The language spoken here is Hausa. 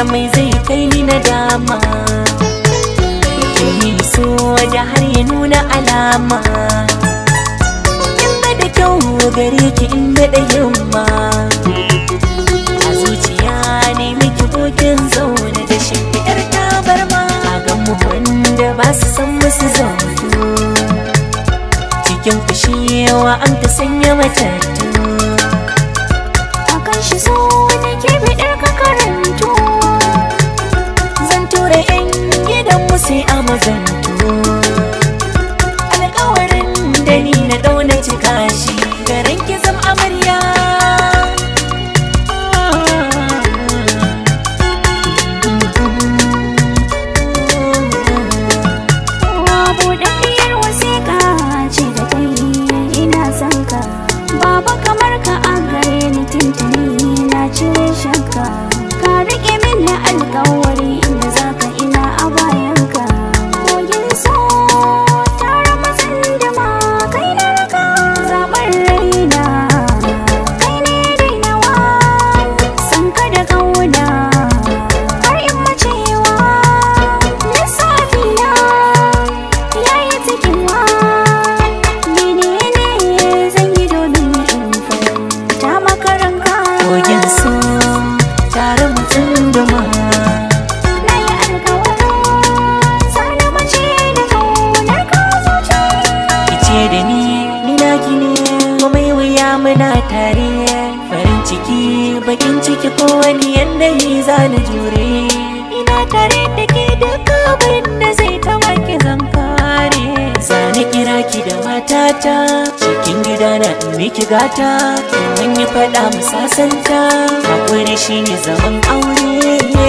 da mai zai kai ni na dama Yake yi so da har ya nuna alama Yamma da kyau gare ki in da yamma A zuciya ne miki bokin zaune da shimfiɗar tabarma A gan wanda ba su san musu zaune Cikin yawa an ta sanya matattu ko wani yanda yi za jure ina tare da ke duka abin da zai ta ki zan kare kira ki da matata cikin gida na miki gata mun yi faɗa mu sasanta shine zaman aure